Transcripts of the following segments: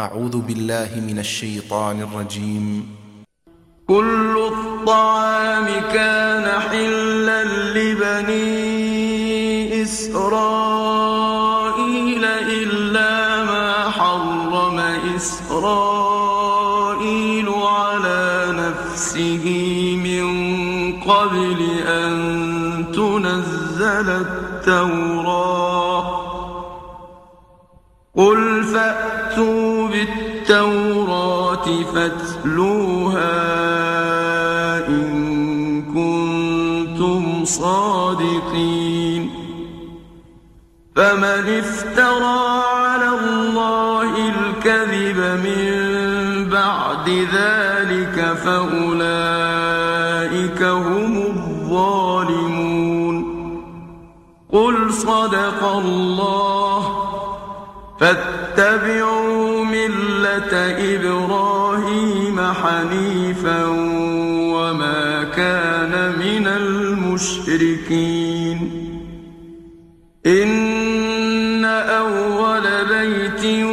أعوذ بالله من الشيطان الرجيم كل الطعام كان حلا لبني إسرائيل إلا ما حرم إسرائيل على نفسه من قبل أن تنزل التوراة قل فأتوا بالتوراة فاتلوها إن كنتم صادقين فمن افترى على الله الكذب من بعد ذلك فأولئك هم الظالمون قل صدق الله فاتبعوا ملة إبراهيم حنيفا وما كان من المشركين إن أول بيت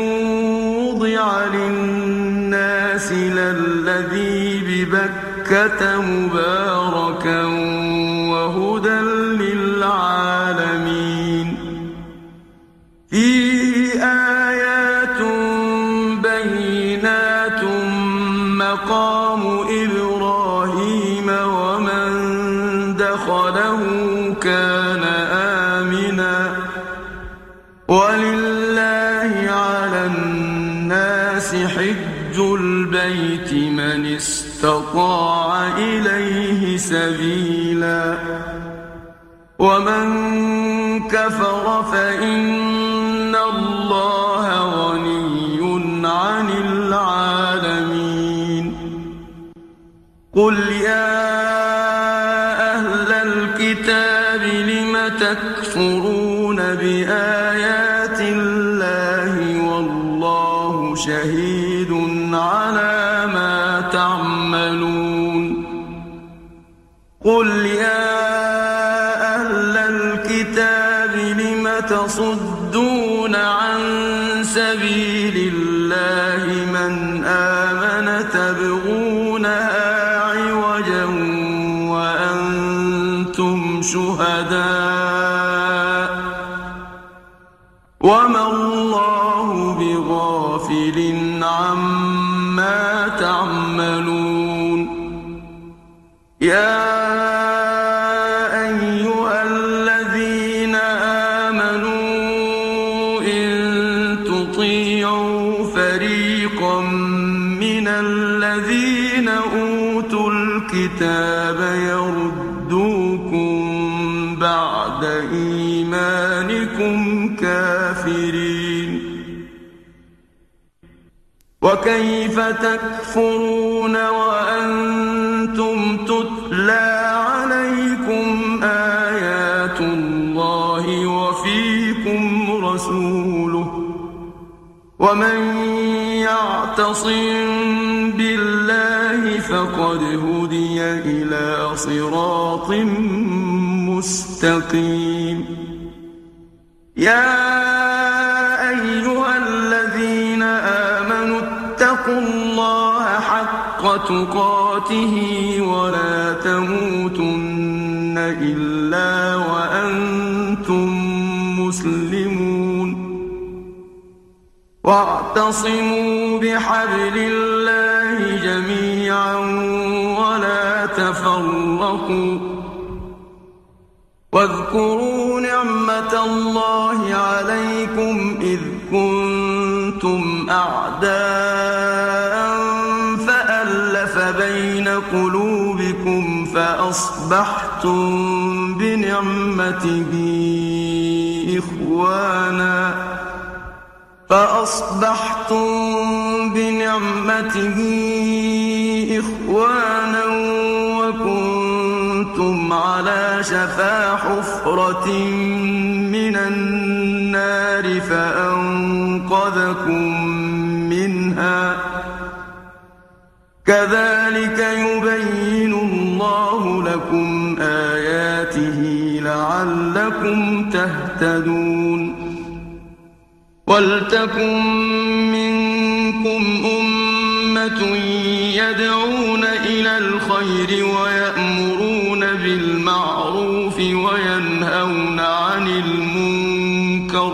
وضع للناس للذي ببكة مباركا استطاع إليه سبيلا ومن كفر فإن الله غني عن العالمين قل يا أهل الكتاب لم تكفرون بآيات قل الكتاب يردوكم بعد إيمانكم كافرين وكيف تكفرون وأنتم تتلى عليكم آيات الله وفيكم رسوله ومن يعتصم بالله فقد إلى صراط مستقيم يا أيها الذين آمنوا اتقوا الله حق تقاته ولا تموتن إلا وأنتم مسلمون واعتصموا بحبل الله جميعا تفرقوا واذكروا نعمة الله عليكم إذ كنتم أعداء فألف بين قلوبكم فأصبحتم بنعمته إخوانا فأصبحتم بنعمته إخوانا على شفا حفرة من النار فأنقذكم منها كذلك يبين الله لكم آياته لعلكم تهتدون ولتكن منكم أمة يدعون إلى الخير ويأمرون وينهون عن المنكر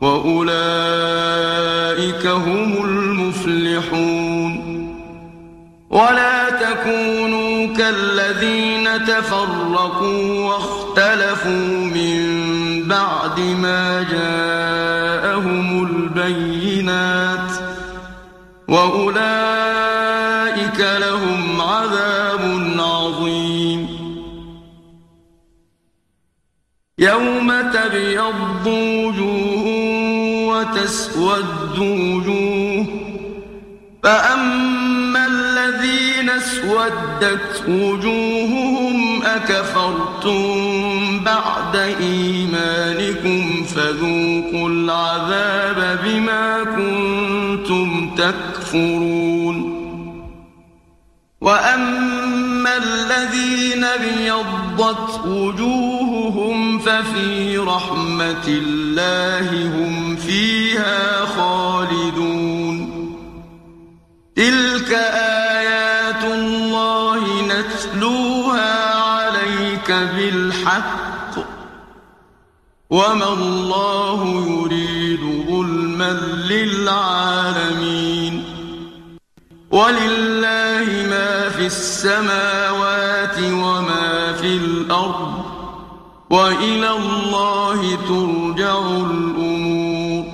وأولئك هم المفلحون ولا تكونوا كالذين تفرقوا واختلفوا من بعد ما جاءهم البينات وأولئك يوم تبيض وجوه وتسود وجوه فأما الذين اسودت وجوههم أكفرتم بعد إيمانكم فذوقوا العذاب بما كنتم تكفرون وأما أما الذين ابيضت وجوههم ففي رحمة الله هم فيها خالدون تلك آيات الله نتلوها عليك بالحق وما الله يريد ظلما للعالمين ولله ما في السماوات وما في الأرض وإلى الله ترجع الأمور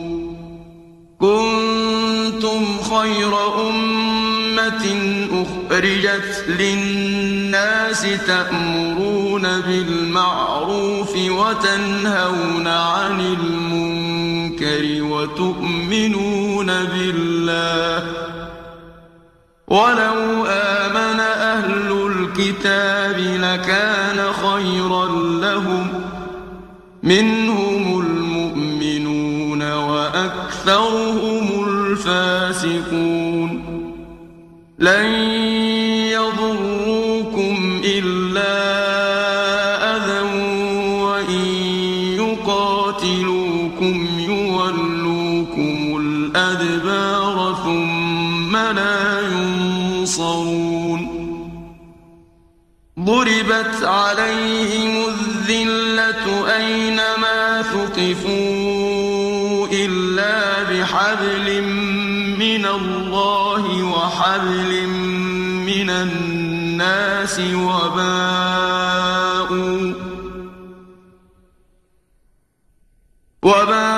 كنتم خير أمة أخرجت للناس تأمرون بالمعروف وتنهون عن المنكر وتؤمنون بالله ولو آمن أهل الكتاب لكان خيرا لهم منهم المؤمنون وأكثرهم الفاسقون لن ينصرون ضربت عليهم الذلة أينما ثقفوا إلا بحبل من الله وحبل من الناس وباءوا وباءوا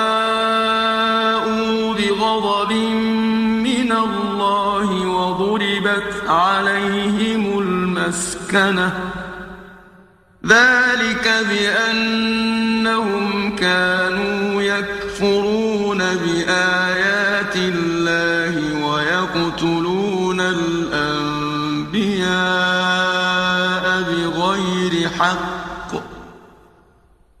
عليهم المسكنة ذلك بأنهم كانوا يكفرون بآيات الله ويقتلون الأنبياء بغير حق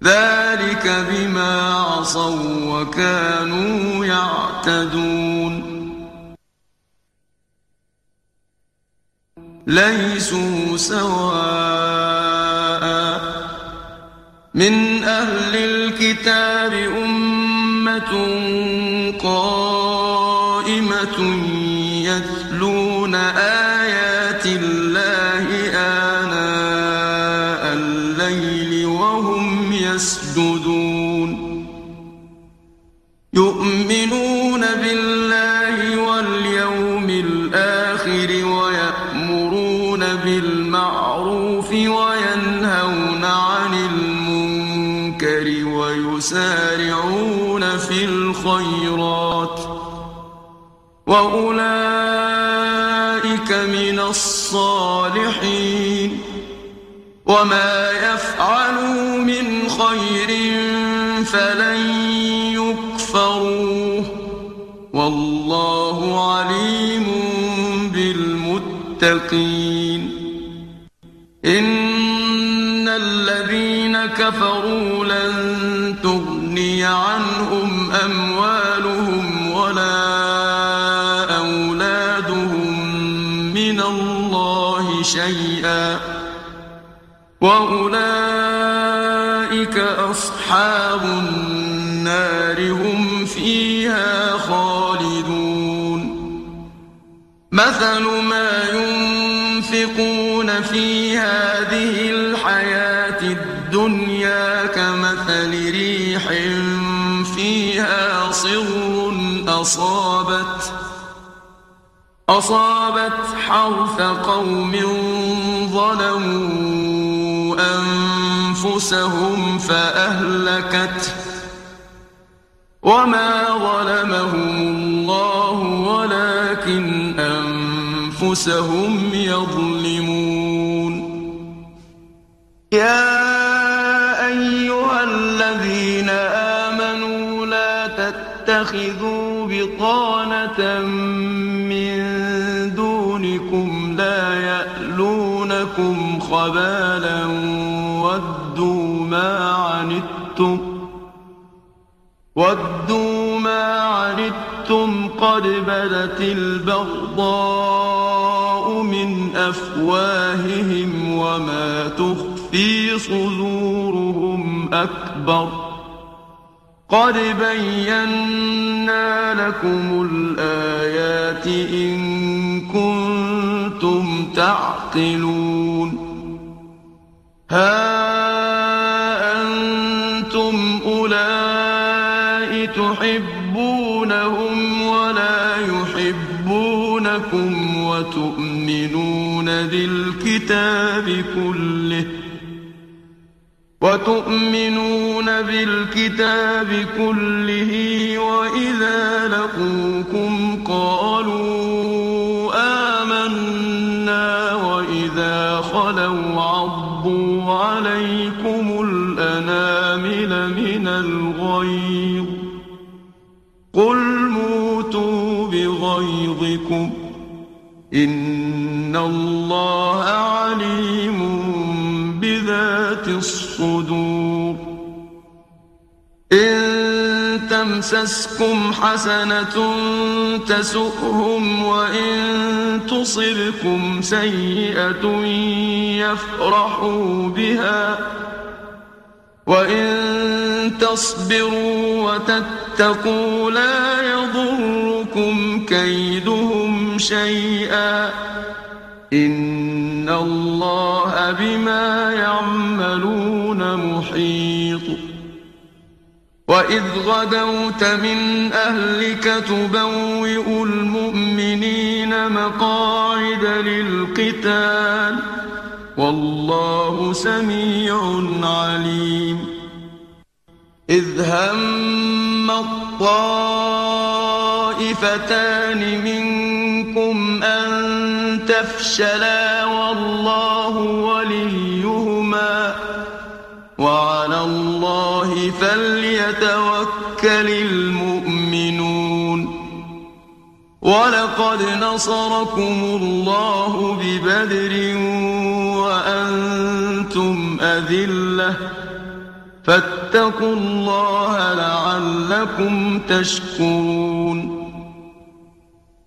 ذلك بما عصوا وكانوا يعتدون ليسوا سواء من أهل الكتاب أمة قائمة يتلون آيات الصالحين وما يفعلوا من خير فلن يكفروه والله عليم بالمتقين إن الذين كفروا لن تغني عنهم أموالهم شيئا وأولئك أصحاب النار هم فيها خالدون مثل ما ينفقون في هذه الحياة الدنيا كمثل ريح فيها صر أصاب أصابت حرث قوم ظلموا أنفسهم فأهلكت وما ظلمهم الله ولكن أنفسهم يظلمون يا أيها الذين آمنوا لا تتخذوا بطانة لكم خبالا ودوا ما عنتم ودوا ما عنتم قد بدت البغضاء من أفواههم وما تخفي صدورهم أكبر قد بينا لكم الآيات إن كنتم تعقلون هَا أَنتُمْ أولئك وَلَا يُحِبُّونَكُمْ وَتُؤْمِنُونَ بِالْكِتَابِ كُلِّهِ وتؤمنون بالكتاب كله وإذا لقوكم قالوا آمنا وإذا خلوا عليكم الأنامل من الغيظ قل موتوا بغيظكم إن الله عليكم تمسسكم حسنة تسؤهم وإن تصبكم سيئة يفرحوا بها وإن تصبروا وتتقوا لا يضركم كيدهم شيئا إن الله بما يعملون محيط وإذ غدوت من أهلك تبوئ المؤمنين مقاعد للقتال والله سميع عليم إذ هم الطائفتان منكم أن تفشلا والله ولي فليتوكل المؤمنون ولقد نصركم الله ببدر وأنتم أذلة فاتقوا الله لعلكم تشكرون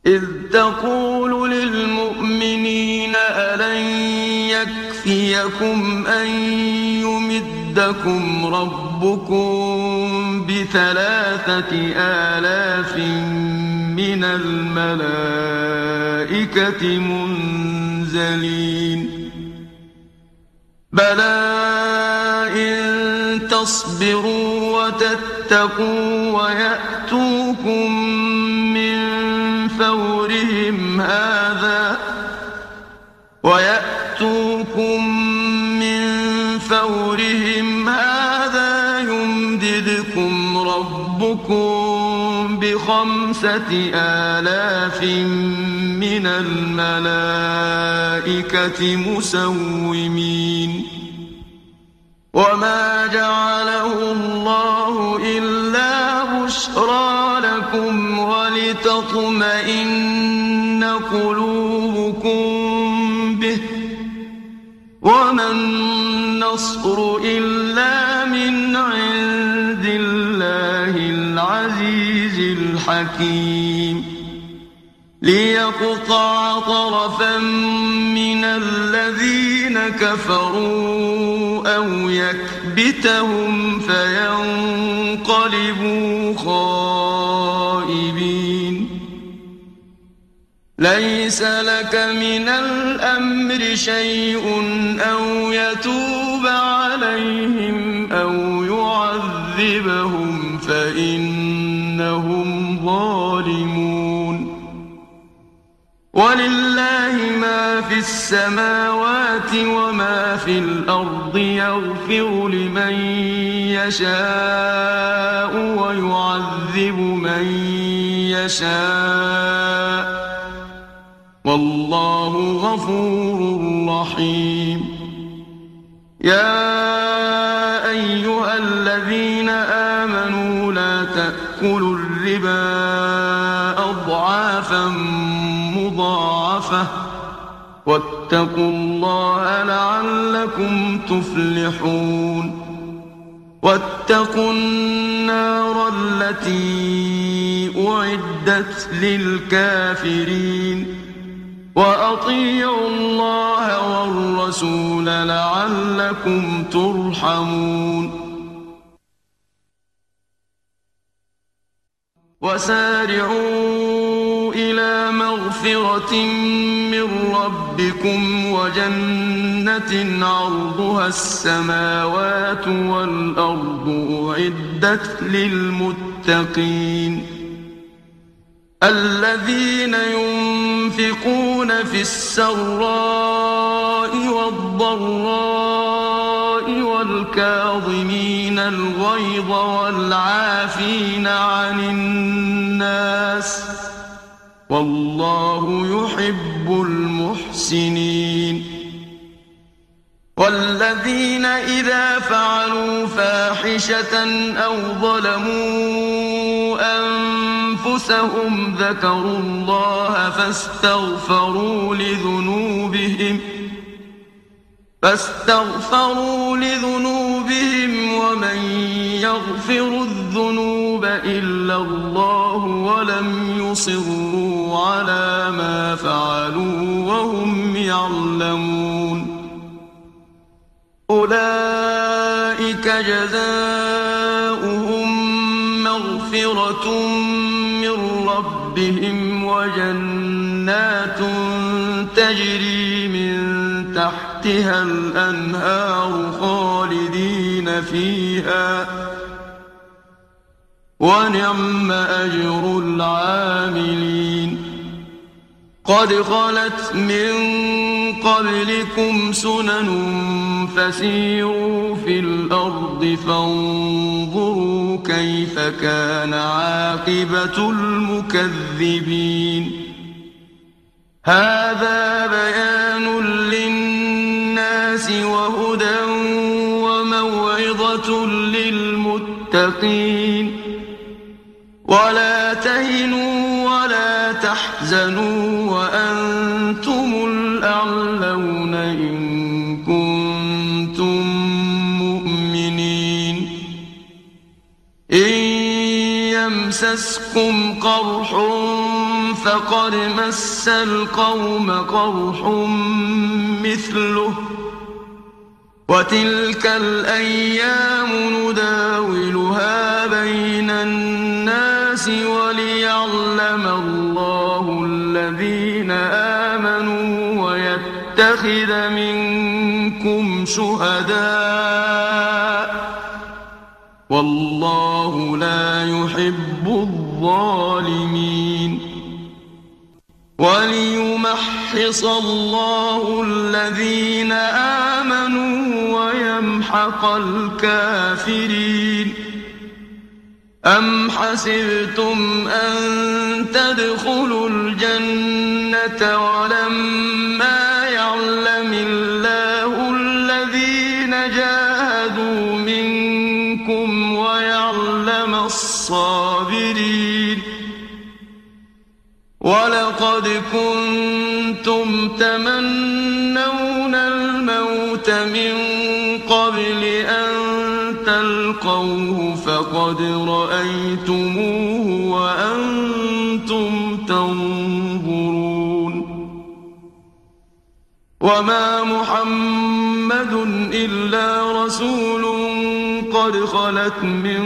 إذ تقول للمؤمنين ألن يكفيكم أن يمد يمدكم ربكم بثلاثة آلاف من الملائكة منزلين بلى إن تصبروا وتتقوا ويأتوكم من فورهم هذا ويأتوكم ربكم بخمسة آلاف من الملائكة مسومين وما جعله الله إلا بشرى لكم ولتطمئن قلوبكم به وما النصر إلا العزيز الحكيم ليقطع طرفا من الذين كفروا أو يكبتهم فينقلبوا خائبين ليس لك من الأمر شيء أو يتوب ولله ما في السماوات وما في الأرض يغفر لمن يشاء ويعذب من يشاء والله غفور رحيم يا أيها الذين آمنوا لا تأكلوا الربا أضعافا ضعفه واتقوا الله لعلكم تفلحون واتقوا النار التي أعدت للكافرين وأطيعوا الله والرسول لعلكم ترحمون وسارعون إلى مغفرة من ربكم وجنة عرضها السماوات والأرض أعدت للمتقين الذين ينفقون في السراء والضراء والكاظمين الغيظ والعافين عن الناس ۖ والله يحب المحسنين والذين إذا فعلوا فاحشة أو ظلموا أنفسهم ذكروا الله فاستغفروا لذنوبهم ۖ فاستغفروا لذنوبهم ومن يغفر الذنوب إلا الله ولم يصروا على ما فعلوا وهم يعلمون أولئك جزاؤهم مغفرة من ربهم وجنات تجري من تحت تحتها الأنهار خالدين فيها ونعم أجر العاملين قد خلت من قبلكم سنن فسيروا في الأرض فانظروا كيف كان عاقبة المكذبين هذا بيان للناس للناس وهدى وموعظة للمتقين ولا تهنوا ولا تحزنوا وأنتم الأعلون إن كنتم مؤمنين إن يمسسكم قرح فقد مس القوم قرح مثله وتلك الأيام نداولها بين الناس وليعلم الله الذين آمنوا ويتخذ منكم شهداء والله لا يحب الظالمين وليمحص الله الذين آمنوا ويمحق الكافرين أم حسبتم أن تدخلوا الجنة ولما يعلم الله الذين جاهدوا منكم ويعلم الصالحين ولقد كنتم تمنون الموت من قبل أن تلقوه فقد رأيتموه وأنتم تنظرون وما محمد إلا رسول قد خلت من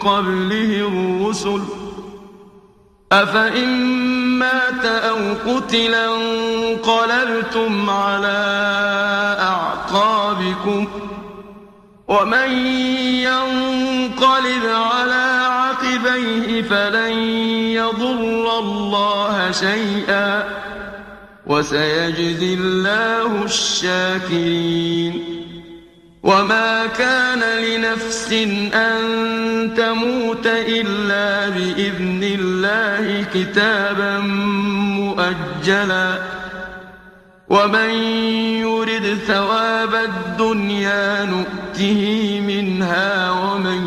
قبله الرسل ۖ أفإن مات أو قتل انقلبتم على أعقابكم ومن ينقلب على عقبيه فلن يضر الله شيئا وسيجزي الله الشاكرين وما كان لنفس أن تموت إلا بإذن الله كتابا مؤجلا ومن يرد ثواب الدنيا نؤته منها ومن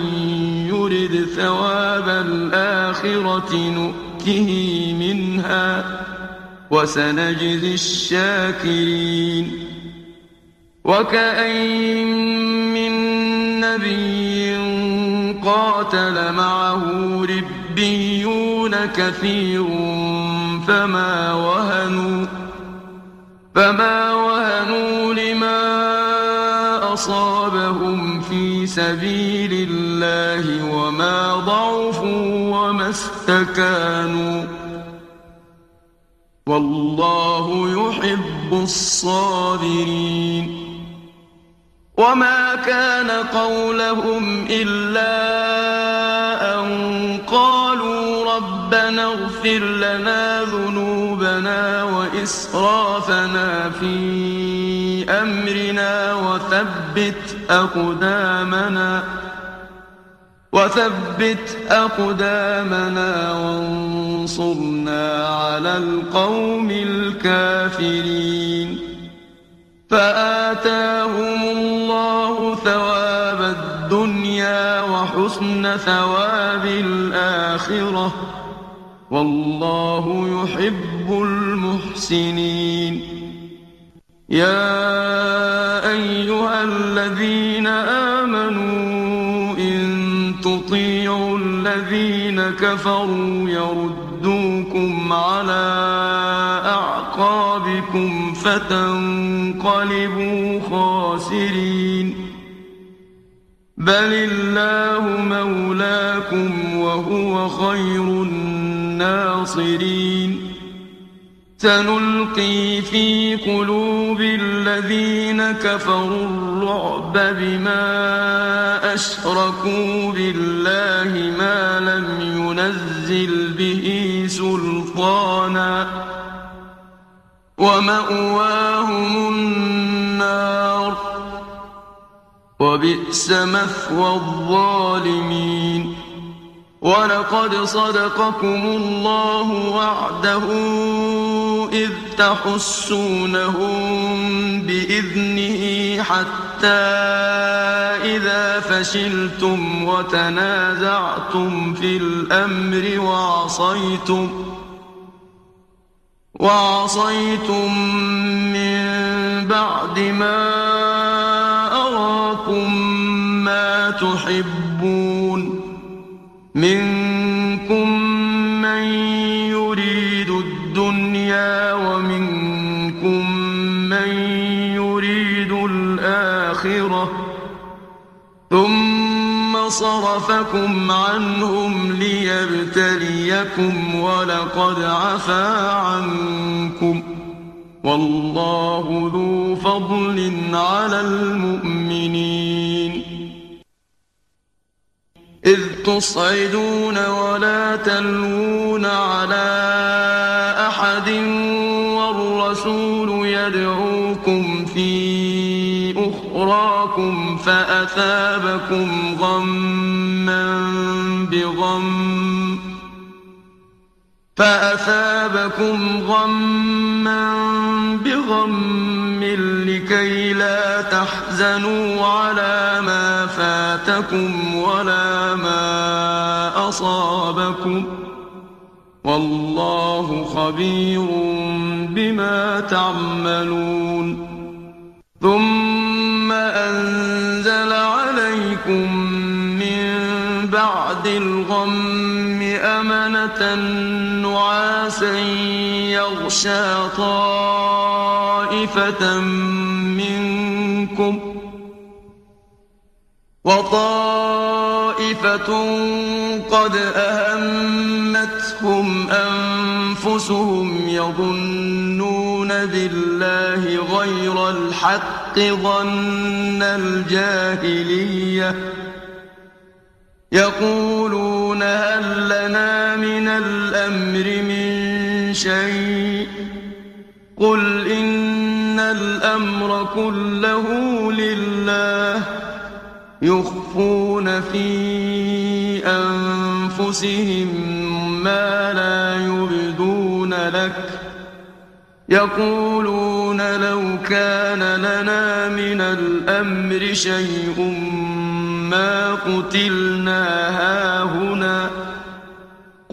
يرد ثواب الآخرة نؤته منها وسنجزي الشاكرين وكاين من نبي قاتل معه ربيون كثير فما وهنوا فما وهنوا لما أصابهم في سبيل الله وما ضعفوا وما استكانوا والله يحب الصابرين وما كان قولهم إلا أن قالوا ربنا اغفر لنا ذنوبنا وإسرافنا في أمرنا وثبت أقدامنا وثبت أقدامنا وانصرنا على القوم الكافرين فآتاهم الله ثواب الدنيا وحسن ثواب الآخرة والله يحب المحسنين يا أيها الذين آمنوا إن تطيعوا الذين كفروا يردوكم على أعقابكم فتنقلبوا خاسرين بل الله مولاكم وهو خير الناصرين سنلقي في قلوب الذين كفروا الرعب بما أشركوا بالله ما لم ينزل به سلطانا ومأواهم النار وبئس مثوى الظالمين ولقد صدقكم الله وعده إذ تحسونهم بإذنه حتى إذا فشلتم وتنازعتم في الأمر وعصيتم وعصيتم من بعد ما تحبون منكم من يريد الدنيا ومنكم من يريد الآخرة ثم صرفكم عنهم ليبتليكم ولقد عفا عنكم والله ذو فضل على المؤمنين تصعدون ولا تلوون على أحد والرسول يدعوكم في أخراكم فأثابكم غما بغم فأثابكم غما بغم لكي لا تحزنوا على ما فاتكم ولا ما أصابكم والله خبير بما تعملون ثم أنزل عليكم من بعد الغم أمنة نعاسا يغشى طائفة منكم ۖ وطائفة قد أهمتهم أنفسهم يظنون بالله غير الحق ظن الجاهلية يقولون هل لنا من الأمر من شيء قل إن الأمر كله لله يخفون في أنفسهم ما لا يبدون لك يقولون لو كان لنا من الأمر شيء ما قتلنا هاهنا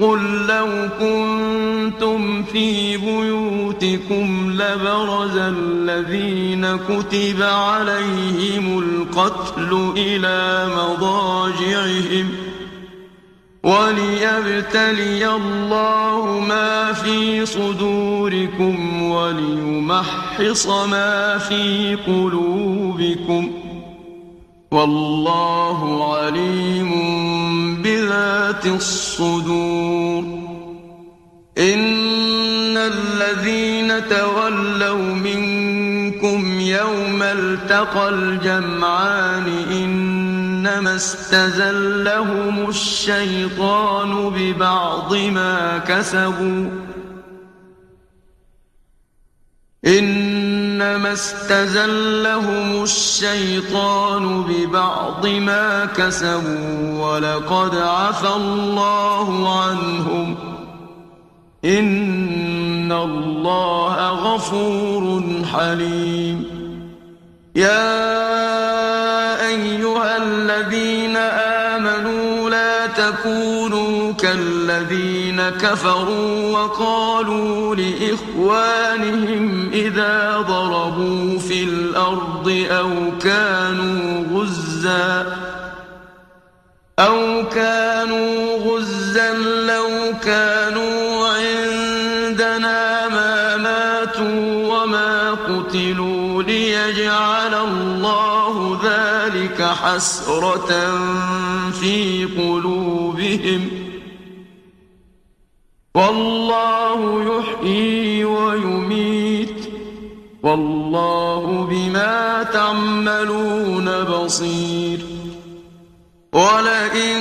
قل لو كنتم في بيوتكم لبرز الذين كتب عليهم القتل إلى مضاجعهم وليبتلي الله ما في صدوركم وليمحص ما في قلوبكم والله عليم ذات الصدور إن الذين تولوا منكم يوم التقى الجمعان إنما استزلهم الشيطان ببعض ما كسبوا إن إنما استزلهم الشيطان ببعض ما كسبوا ولقد عفى الله عنهم إن الله غفور حليم يا أيها الذين تكونوا كالذين كفروا وقالوا لإخوانهم إذا ضربوا في الأرض أو كانوا غزا أو كانوا غزا لو كانوا عندنا ما ماتوا وما قتلوا ليجعل الله ذلك حسرة في قلوبهم بهم والله يحيي ويميت والله بما تعملون بصير ولئن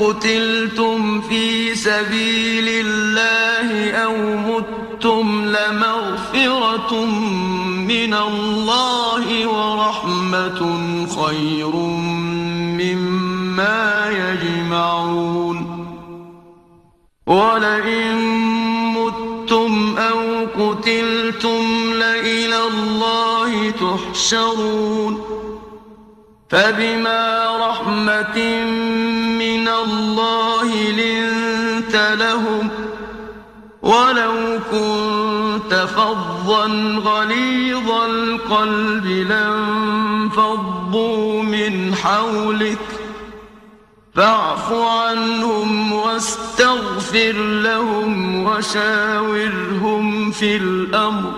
قتلتم في سبيل الله أو متم لمغفرة من الله ورحمة خير ولئن متم أو قتلتم لإلى الله تحشرون فبما رحمة من الله لنت لهم ولو كنت فظا غليظ القلب لانفضوا من حولك فاعف عنهم واستغفر لهم وشاورهم في الأمر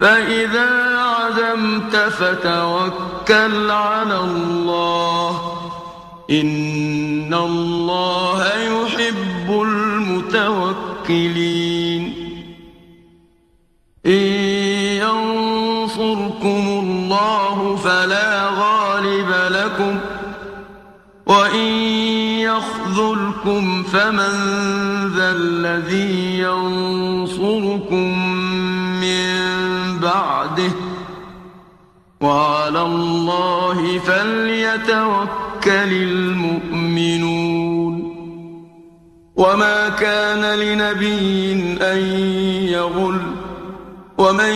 فإذا عزمت فتوكل على الله إن الله يحب المتوكلين يضركم فمن ذا الذي ينصركم من بعده وعلى الله فليتوكل المؤمنون وما كان لنبي أن يغل ومن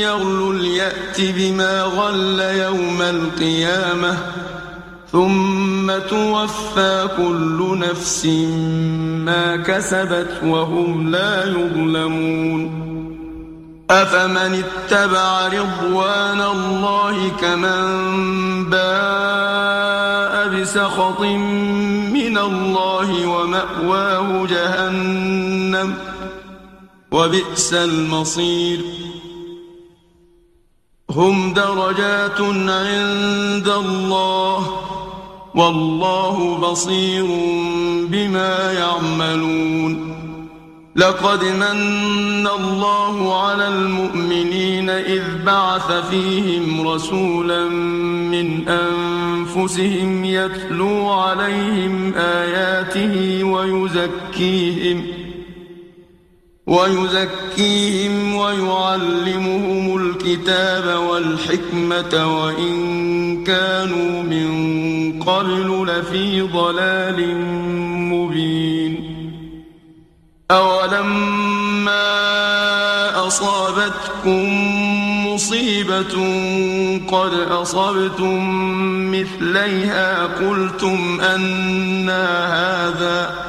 يغل ليات بما غل يوم القيامة ثم توفى كل نفس ما كسبت وهم لا يظلمون أفمن اتبع رضوان الله كمن باء بسخط من الله ومأواه جهنم وبئس المصير هم درجات عند الله والله بصير بما يعملون لقد من الله على المؤمنين إذ بعث فيهم رسولا من أنفسهم يتلو عليهم آياته ويزكيهم ۖ ويزكيهم ويعلمهم الكتاب والحكمة وإن كانوا من قبل لفي ضلال مبين أولما أصابتكم مصيبة قد أصبتم مثليها قلتم أنى هذا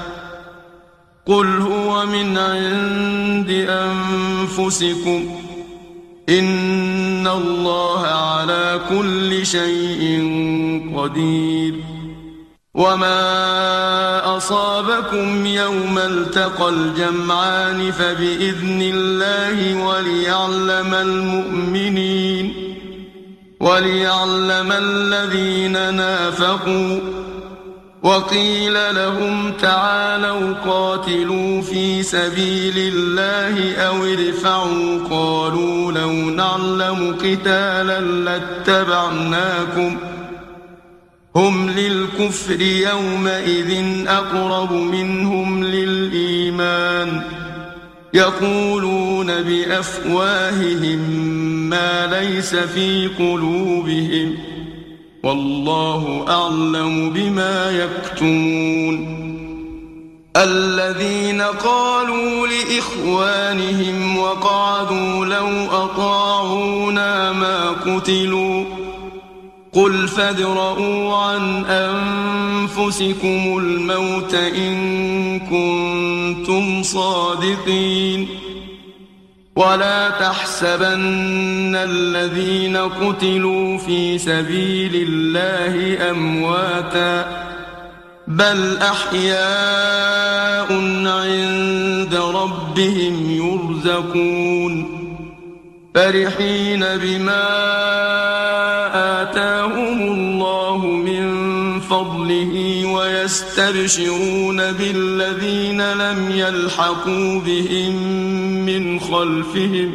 قل هو من عند أنفسكم إن الله على كل شيء قدير وما أصابكم يوم التقى الجمعان فبإذن الله وليعلم المؤمنين وليعلم الذين نافقوا وقيل لهم تعالوا قاتلوا في سبيل الله أو ادفعوا قالوا لو نعلم قتالا لاتبعناكم هم للكفر يومئذ أقرب منهم للإيمان يقولون بأفواههم ما ليس في قلوبهم ۖ والله أعلم بما يكتمون الذين قالوا لإخوانهم وقعدوا لو أطاعونا ما قتلوا قل فادرءوا عن أنفسكم الموت إن كنتم صادقين ولا تحسبن الذين قتلوا في سبيل الله أمواتا بل أحياء عند ربهم يرزقون فرحين بما آتاهم الله من فضله ويستبشرون بالذين لم يلحقوا بهم من خلفهم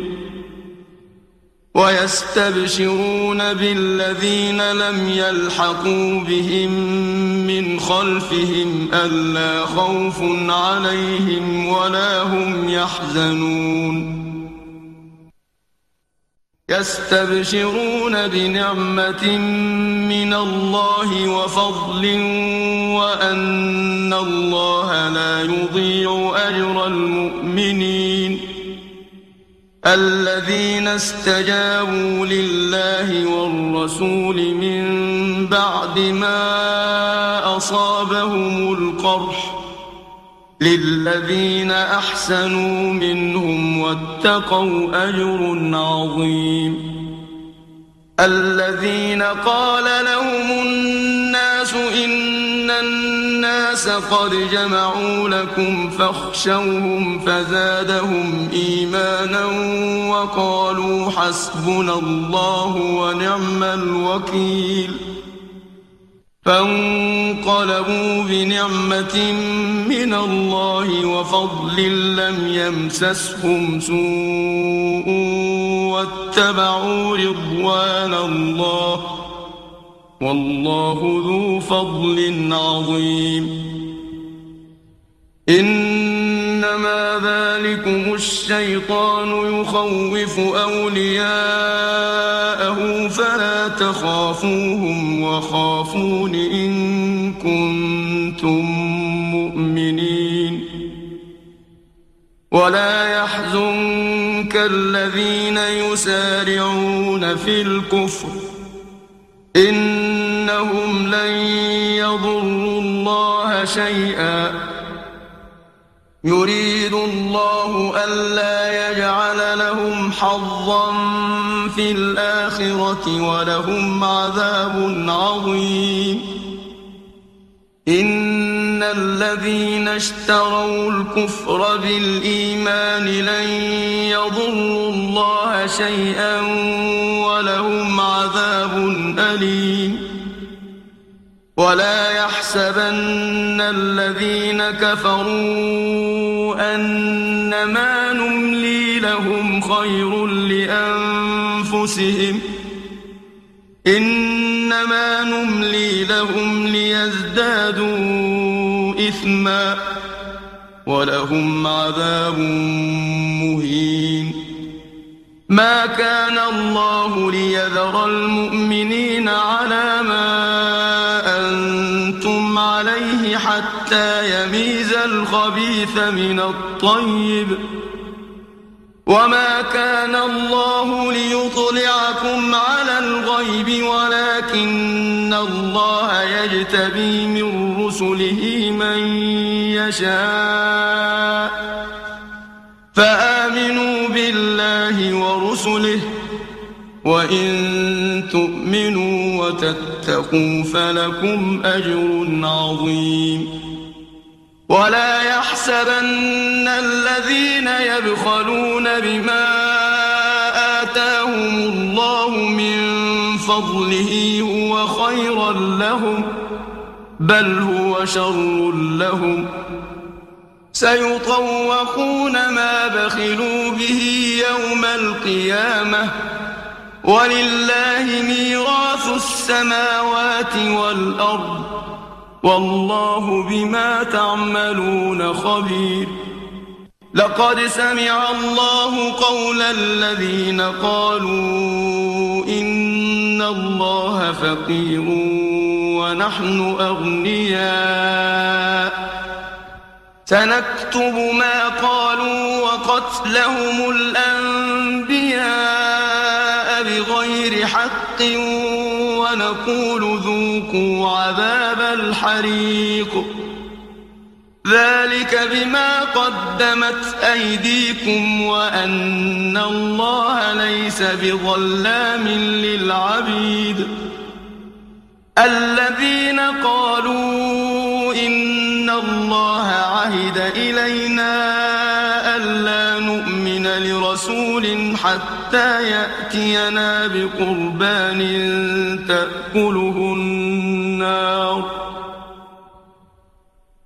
ويستبشرون بالذين لم يلحقوا بهم من خلفهم ألا خوف عليهم ولا هم يحزنون يستبشرون بنعمة من الله وفضل وأن الله لا يضيع أجر المؤمنين الذين استجابوا لله والرسول من بعد ما أصابهم القرح للذين أحسنوا منهم واتقوا أجر عظيم الذين قال لهم الناس إن الناس الناس قد جمعوا لكم فاخشوهم فزادهم إيمانا وقالوا حسبنا الله ونعم الوكيل فانقلبوا بنعمة من الله وفضل لم يمسسهم سوء واتبعوا رضوان الله والله ذو فضل عظيم إنما ذلكم الشيطان يخوف أولياءه فلا تخافوهم وخافون إن كنتم مؤمنين ولا يحزنك الذين يسارعون في الكفر إن إنهم لن يضروا الله شيئا يريد الله ألا يجعل لهم حظا في الآخرة ولهم عذاب عظيم إن الذين اشتروا الكفر بالإيمان لن يضروا الله شيئا ولهم عذاب أليم ولا يحسبن الذين كفروا أنما نملي لهم خير لأنفسهم إنما نملي لهم ليزدادوا إثما ولهم عذاب مهين ما كان الله ليذر المؤمنين على ما حتى يميز الخبيث من الطيب وما كان الله ليطلعكم على الغيب ولكن الله يجتبي من رسله من يشاء فآمنوا بالله ورسله وإن تؤمنوا وتتقوا فلكم أجر عظيم ولا يحسبن الذين يبخلون بما آتاهم الله من فضله هو خيرا لهم بل هو شر لهم سيطوقون ما بخلوا به يوم القيامه ولله ميراث السماوات والأرض والله بما تعملون خبير لقد سمع الله قول الذين قالوا إن الله فقير ونحن أغنياء سنكتب ما قالوا وقتلهم الأنبياء حق ونقول ذوقوا عذاب الحريق ذلك بما قدمت أيديكم وأن الله ليس بظلام للعبيد الذين قالوا إن الله عهد إلينا ألا نؤمن لرسول حتى حتى يأتينا بقربان تأكله النار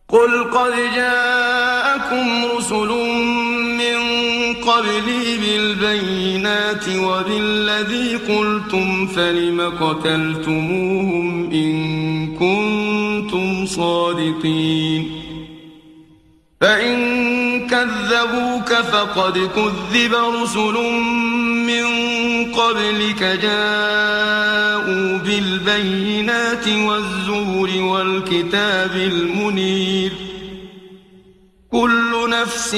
قل قد جاءكم رسل من قبلي بالبينات وبالذي قلتم فلم قتلتموهم إن كنتم صادقين فإن كذبوك فقد كذب رسل قبلك جاءوا بالبينات والزور والكتاب المنير كل نفس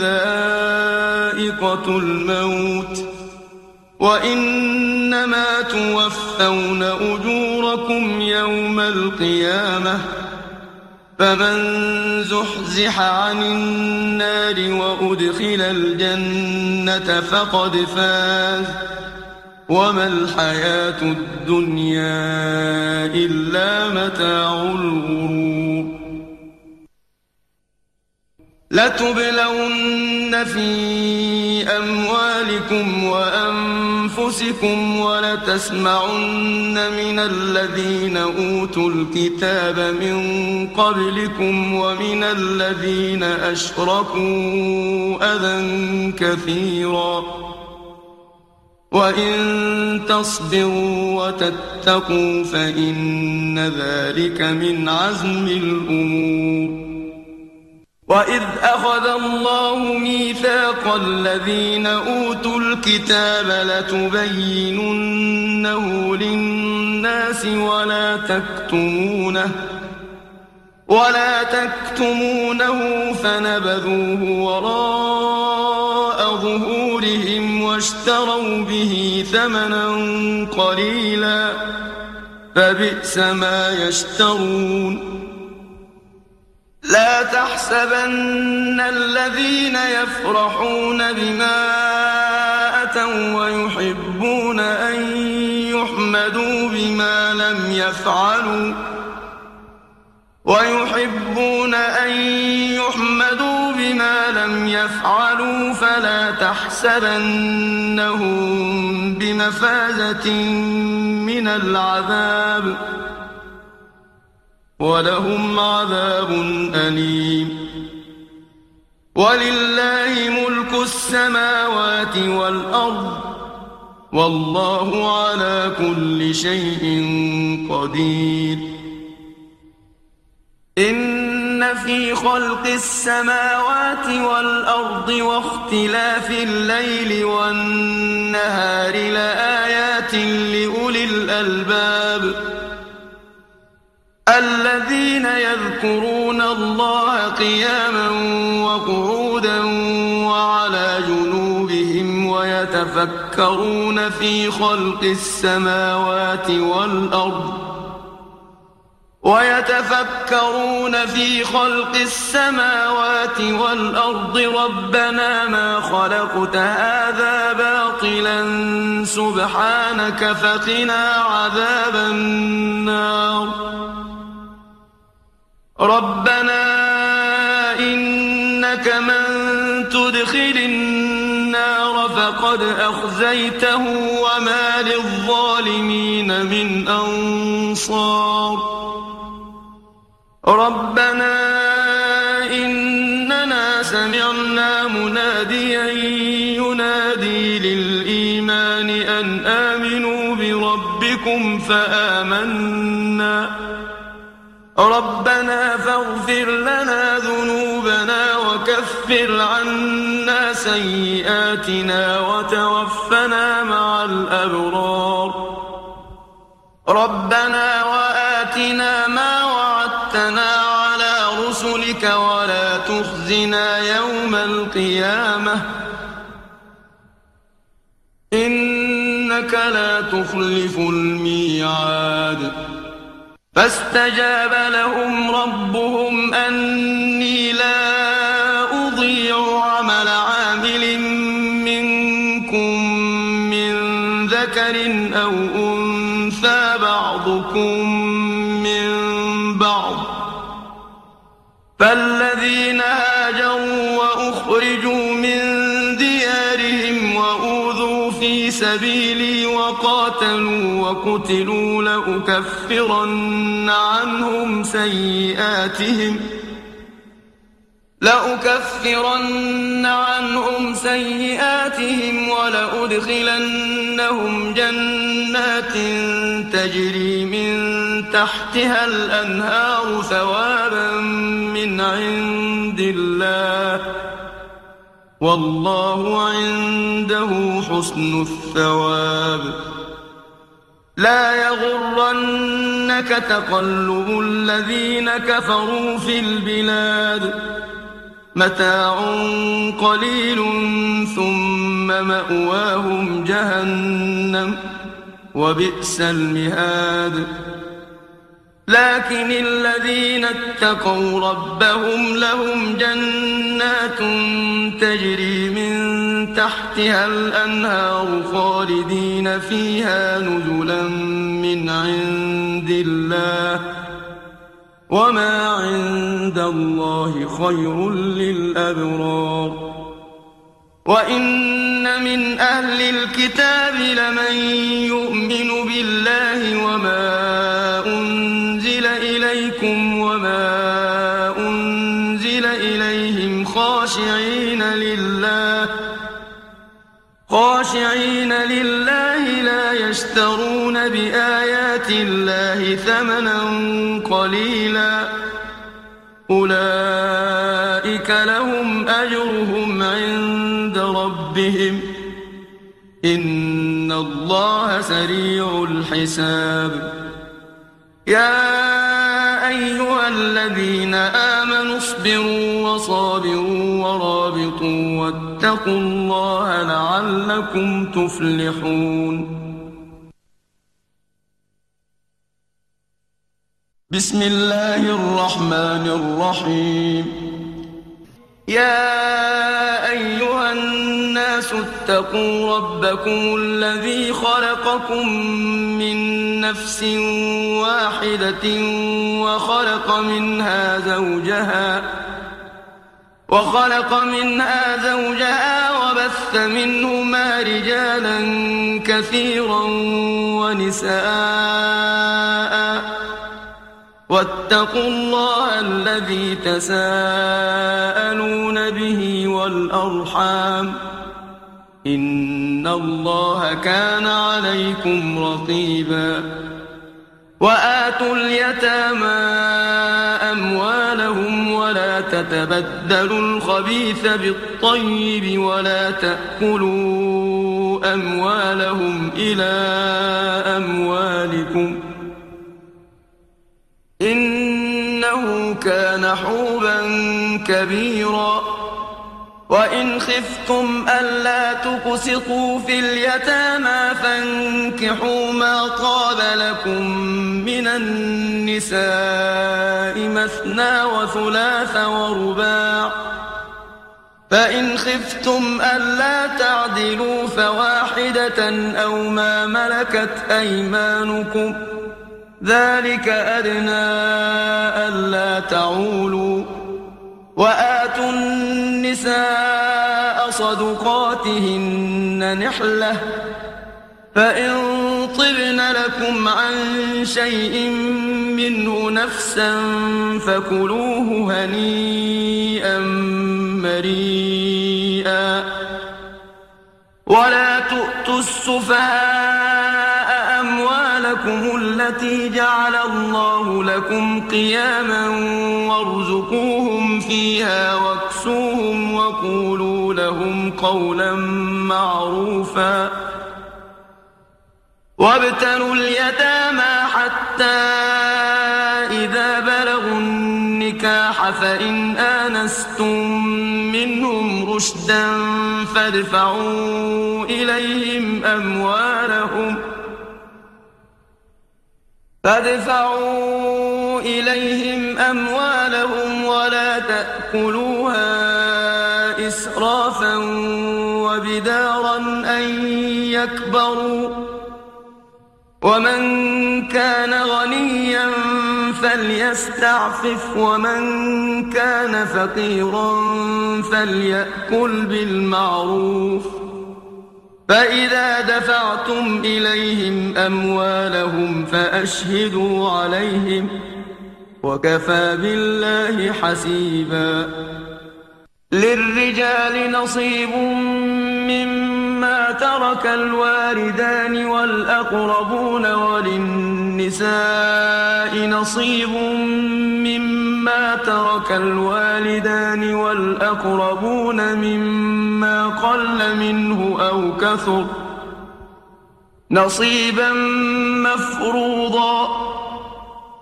ذائقة الموت وإنما توفون أجوركم يوم القيامة فمن زحزح عن النار وأدخل الجنة فقد فاز وما الحياة الدنيا إلا متاع الغرور لتبلون في أموالكم وأنفسكم ولتسمعن من الذين أوتوا الكتاب من قبلكم ومن الذين أشركوا أذى كثيرا وإن تصبروا وتتقوا فإن ذلك من عزم الأمور وإذ أخذ الله ميثاق الذين أوتوا الكتاب لتبيننه للناس ولا تكتمونه ولا تكتمونه فنبذوه وراء ظهورهم واشتروا به ثمنا قليلا فبئس ما يشترون لا تحسبن الذين يفرحون بما أتوا ويحبون أن يحمدوا بما لم يفعلوا ويحبون أن يحمدوا بما لم يفعلوا فلا تحسبنهم بمفازة من العذاب ولهم عذاب أليم ولله ملك السماوات والأرض والله على كل شيء قدير إن في خلق السماوات والأرض واختلاف الليل والنهار لآيات لأولي الألباب الذين يذكرون الله قياما وقعودا وعلى جنوبهم ويتفكرون في خلق السماوات والأرض ويتفكرون في خلق السماوات والأرض ربنا ما خلقت هذا باطلا سبحانك فقنا عذاب النار ربنا إنك من تدخل النار فقد أخزيته وما للظالمين من أنصار ربنا إننا سمعنا مناديا ينادي للإيمان أن آمنوا بربكم فآمنا ربنا فاغفر لنا ذنوبنا وكفر عنا سيئاتنا وتوفنا مع الأبرار ربنا وآتنا ما وعدتنا على رسلك ولا تخزنا يوم القيامة إنك لا تخلف الميعاد فاستجاب لهم ربهم أني لا أضيع عمل عامل منكم من ذكر أو أنثى بعضكم من بعض فلا سبيلي وقاتلوا وقتلوا لأكفرن عنهم سيئاتهم لأكفرن عنهم سيئاتهم ولأدخلنهم جنات تجري من تحتها الأنهار ثوابا من عند الله والله عنده حسن الثواب لا يغرنك تقلب الذين كفروا في البلاد متاع قليل ثم مأواهم جهنم وبئس المهاد لكن الذين اتقوا ربهم لهم جنات تجري من تحتها الأنهار خالدين فيها نزلا من عند الله وما عند الله خير للأبرار وإن من أهل الكتاب لمن يؤمن بالله وما أنزل لله خاشعين لله لا يشترون بآيات الله ثمنا قليلا أولئك لهم أجرهم عند ربهم إن الله سريع الحساب يا أيها الذين آمنوا اصبروا وصابروا ورابطوا واتقوا الله لعلكم تفلحون بسم الله الرحمن الرحيم يا أيها الناس اتقوا ربكم الذي خلقكم من نفس واحدة وخلق منها زوجها وخلق منها زوجها وبث منهما رجالا كثيرا ونساء واتقوا الله الذي تساءلون به والأرحام إن الله كان عليكم رقيبا وآتوا اليتامى أموالهم ولا تتبدلوا الخبيث بالطيب ولا تأكلوا أموالهم إلى أموالكم إنه كان حوبا كبيراً وإن خفتم ألا تقسطوا في اليتامى فانكحوا ما طاب لكم من النساء مثنى وثلاث ورباع فإن خفتم ألا تعدلوا فواحدة أو ما ملكت أيمانكم ذلك أدنى ألا تعولوا وآتوا النساء صدقاتهن نحلة فإن طبن لكم عن شيء منه نفسا فكلوه هنيئا مريئا ولا تؤتوا السفهاء أموالكم التي جعل الله لكم قياما وارزقوه فيها واكسوهم وقولوا لهم قولا معروفا وابتلوا اليتامى حتى إذا بلغوا النكاح فإن آنستم منهم رشدا فادفعوا إليهم أموالهم ۖ فادفعوا إليهم أموالهم ولا تأكلوها إسرافا وبدارا أن يكبروا ومن كان غنيا فليستعفف ومن كان فقيرا فليأكل بالمعروف فإذا دفعتم إليهم أموالهم فأشهدوا عليهم وكفى بالله حسيبا للرجال نصيب مما ترك الواردان والأقربون وللنساء نصيب مما ترك الوالدان والأقربون مما قل منه أو كثر نصيبا مفروضا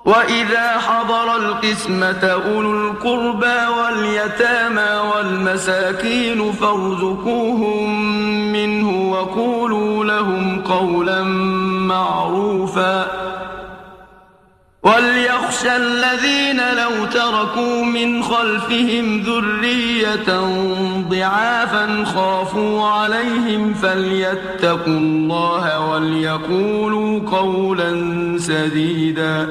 وإذا حضر القسمة أولو القربى واليتامى والمساكين فارزقوهم منه وقولوا لهم قولا معروفا وليخشى الذين لو تركوا من خلفهم ذرية ضعافا خافوا عليهم فليتقوا الله وليقولوا قولا سديدا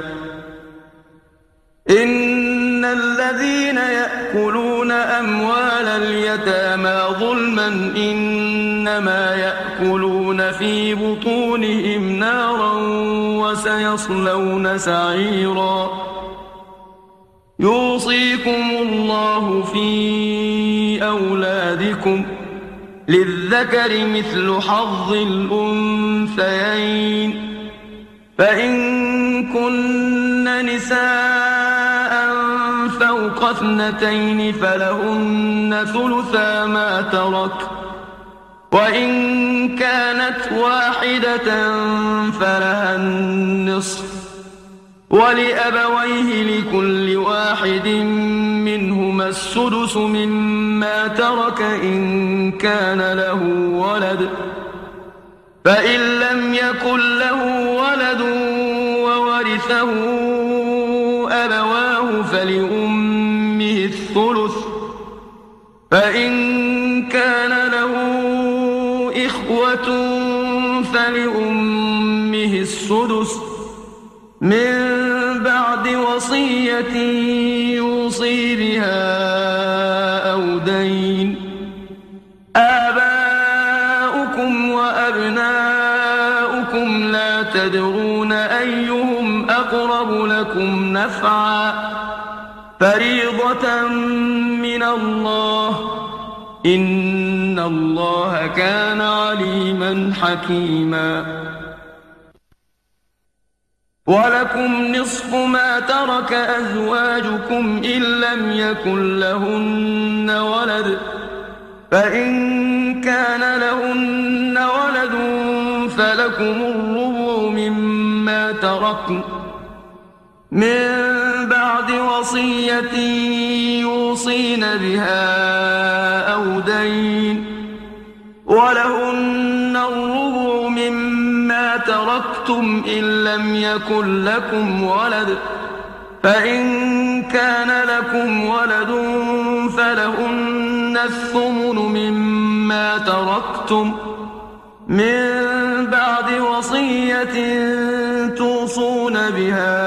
إن الذين يأكلون أموال اليتامى ظلما إنما يأكلون يسقون في بطونهم نارا وسيصلون سعيرا يوصيكم الله في أولادكم للذكر مثل حظ الأنثيين فإن كن نساء فوق اثنتين فلهن ثلثا ما تركت وإن كانت واحدة فلها النصف ولأبويه لكل واحد منهما السدس مما ترك إن كان له ولد فإن لم يكن له ولد وورثه أبواه فلأمه الثلث فإن كان لأمه السدس من بعد وصية يوصي بها أو دين آباؤكم وأبناؤكم لا تدرون أيهم أقرب لكم نفعا فريضة من الله إن إن الله كان عليما حكيما ولكم نصف ما ترك أزواجكم إن لم يكن لهن ولد فإن كان لهن ولد فلكم الربع مما تركن من بعد وصية يوصين بها أو دين ولهن الربع مما تركتم إن لم يكن لكم ولد فإن كان لكم ولد فلهن الثمن مما تركتم من بعد وصية توصون بها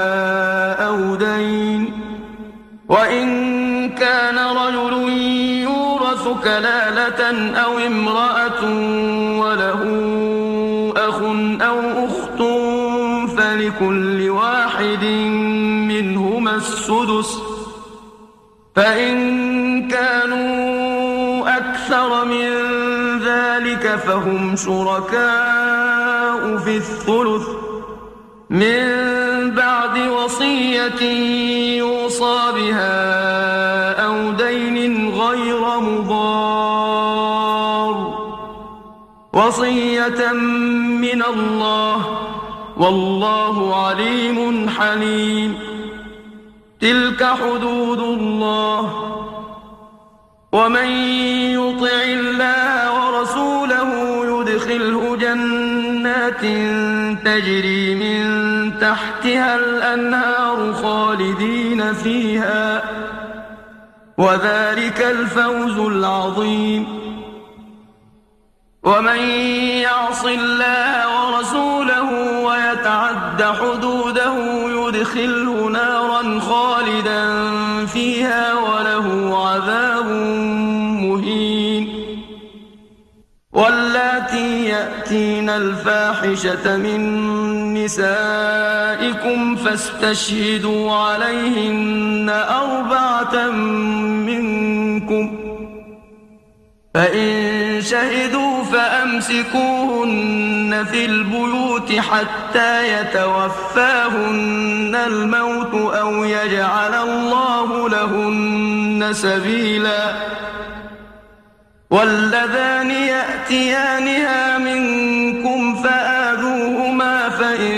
أو دين وإن كان كلالة أو امرأة وله أخ أو أخت فلكل واحد منهما السدس فإن كانوا أكثر من ذلك فهم شركاء في الثلث من بعد وصية يوصى بها أو دين وصية من الله والله عليم حليم تلك حدود الله ومن يطع الله ورسوله يدخله جنات تجري من تحتها الأنهار خالدين فيها وذلك الفوز العظيم ومن يعص الله ورسوله ويتعد حدوده يدخله نارا خالدا فيها وله عذاب مهين واللاتي يأتين الفاحشة من نسائكم فاستشهدوا عليهن أربعة منكم ۖ فإن شهدوا فأمسكوهن في البيوت حتى يتوفاهن الموت أو يجعل الله لهن سبيلا واللذان يأتيانها منكم فآذوهما فإن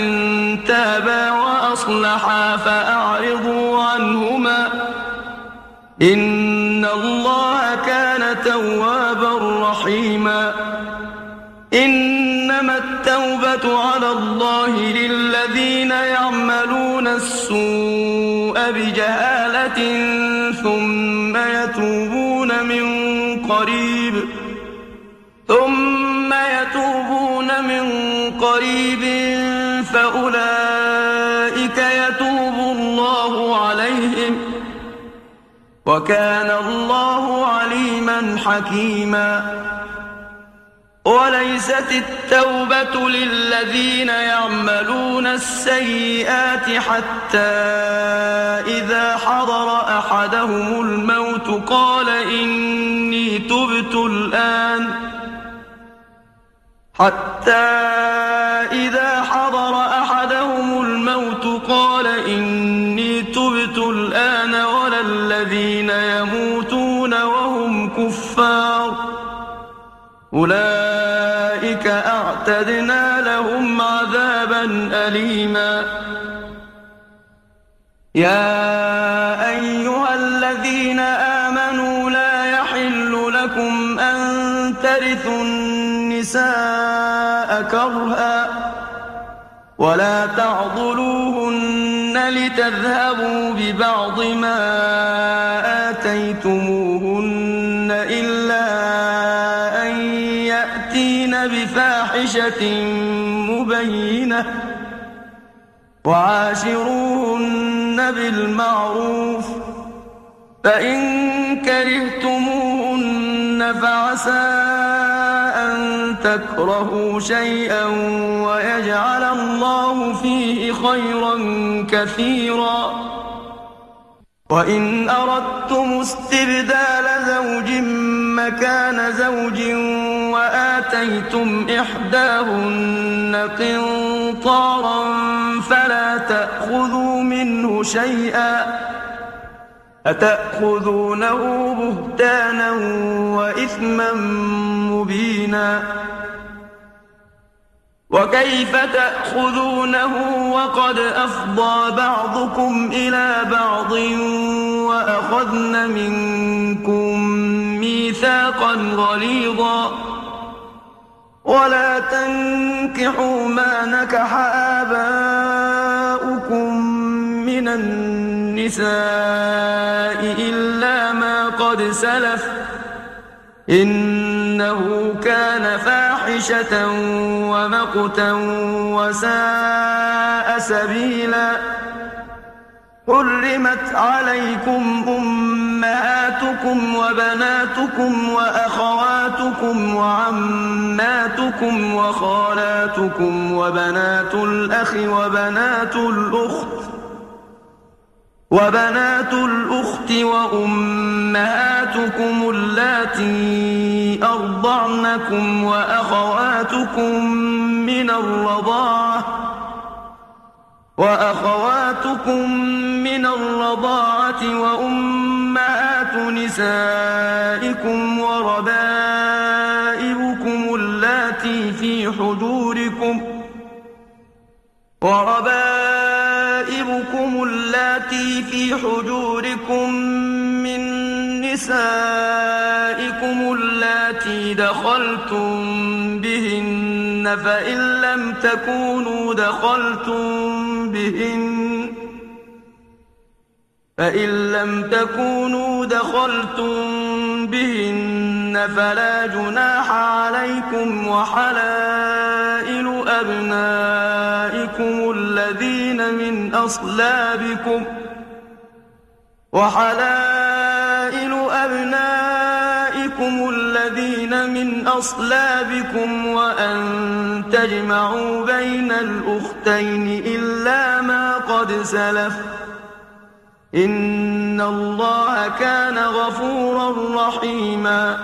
تابا وأصلحا فأعرضوا عنهما إن على الله للذين يعملون السوء بجهالة ثم يتوبون من قريب ثم يتوبون من قريب فأولئك يتوب الله عليهم وكان الله عليما حكيما وليست التوبة للذين يعملون السيئات حتى إذا حضر أحدهم الموت قال إني تبت الآن حتى إذا حضر أحدهم الموت قال إني تبت الآن ولا الذين يموتون وهم كفار أولئك أعتدنا لهم عذابا أليما يا أيها الذين آمنوا لا يحل لكم أن ترثوا النساء كرها ولا تعضلوهن لتذهبوا ببعض ما فاحشة مبينة وعاشروهن بالمعروف فإن كرهتموهن فعسى أن تكرهوا شيئا ويجعل الله فيه خيرا كثيرا وإن أردتم استبدال زوج مكان زوج وآتيتم إحداهن قنطارا فلا تأخذوا منه شيئا أتأخذونه بهتانا وإثما مبينا وكيف تأخذونه وقد أفضى بعضكم إلى بعض وأخذن منكم ميثاقا غليظا ولا تنكحوا ما نكح آباؤكم من النساء إلا ما قد سلف إنه كان فاحشة ومقتا وساء سبيلاً حرمت عليكم أمهاتكم وبناتكم وأخواتكم وعماتكم وخالاتكم وبنات الأخ وبنات الأخت وبنات الأخت وأمهاتكم اللاتي أرضعنكم وأخواتكم من الرضاعه وأخواتكم من الرضاعة وأمهات نسائكم وربائبكم اللاتي في حجوركم وربائبكم اللاتي في حجوركم من نسائكم اللاتي دخلتم بهن فإن لم تكونوا دخلتم بهن فإن لم تكونوا دخلتم بهن فلا جناح عليكم وحلائل أبنائكم الذين من أصلابكم وحلائل أصلابكم وأن تجمعوا بين الأختين إلا ما قد سلف إن الله كان غفورا رحيما